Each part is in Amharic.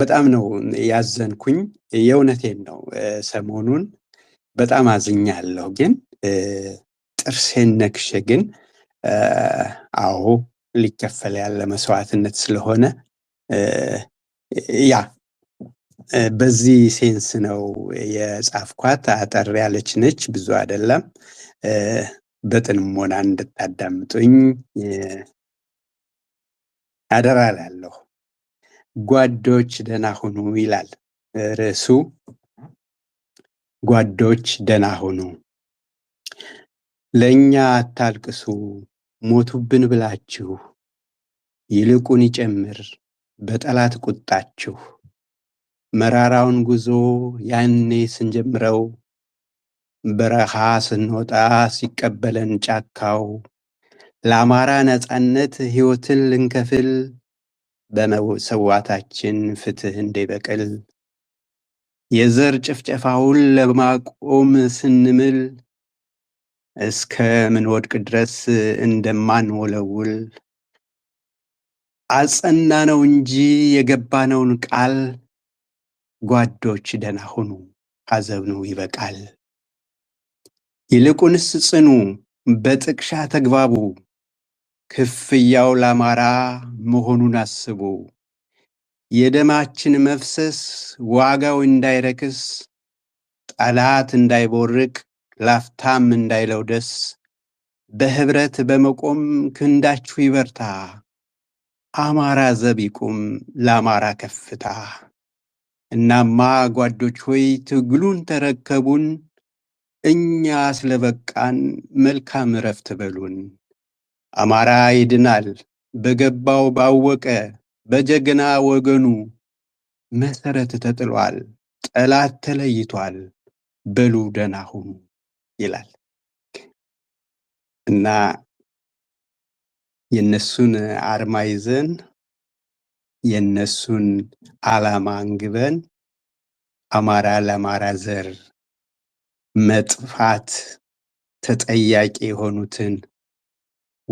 በጣም ነው ያዘንኩኝ። የእውነቴን ነው። ሰሞኑን በጣም አዝኛለሁ። ግን ጥርሴን ነክሼ ግን አዎ ሊከፈል ያለ መስዋዕትነት ስለሆነ ያ በዚህ ሴንስ ነው የጻፍኳት። አጠር ያለች ነች፣ ብዙ አይደለም። በጥንሞና እንድታዳምጡኝ አደራ ላለሁ። ጓዶች ደህና ሁኑ ይላል ርዕሱ። ጓዶች ደህና ሁኑ፣ ለእኛ አታልቅሱ፣ ሞቱብን ብላችሁ ይልቁን ይጨምር በጠላት ቁጣችሁ። መራራውን ጉዞ ያኔ ስንጀምረው በረሃ ስንወጣ ሲቀበለን ጫካው ለአማራ ነፃነት ህይወትን ልንከፍል በመሰዋታችን ፍትህ እንዳይበቅል የዘር ጭፍጨፋውን ለማቆም ስንምል እስከ ምንወድቅ ድረስ እንደማንወለውል አጸና ነው እንጂ የገባነውን ቃል ጓዶች ደና ሁኑ፣ ሐዘኑ ይበቃል። ይልቁንስ ጽኑ፣ በጥቅሻ ተግባቡ፣ ክፍያው ለአማራ መሆኑን አስቡ። የደማችን መፍሰስ ዋጋው እንዳይረክስ፣ ጠላት እንዳይቦርቅ፣ ላፍታም እንዳይለውደስ በህብረት በመቆም ክንዳችሁ ይበርታ። አማራ ዘብ ይቁም ለአማራ ከፍታ። እናማ ጓዶች ሆይ ትግሉን ተረከቡን፣ እኛ ስለበቃን መልካም እረፍት በሉን። አማራ ይድናል በገባው ባወቀ በጀግና ወገኑ መሰረት ተጥሏል፣ ጠላት ተለይቷል፣ በሉ ደህና ሁኑ ይላል እና የነሱን አርማ ይዘን የነሱን አላማ አንግበን አማራ ለአማራ ዘር መጥፋት ተጠያቂ የሆኑትን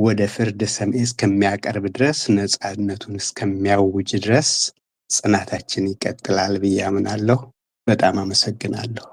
ወደ ፍርድ ሰምኤ እስከሚያቀርብ ድረስ ነፃነቱን እስከሚያውጅ ድረስ ጽናታችን ይቀጥላል ብዬ አምናለሁ። በጣም አመሰግናለሁ።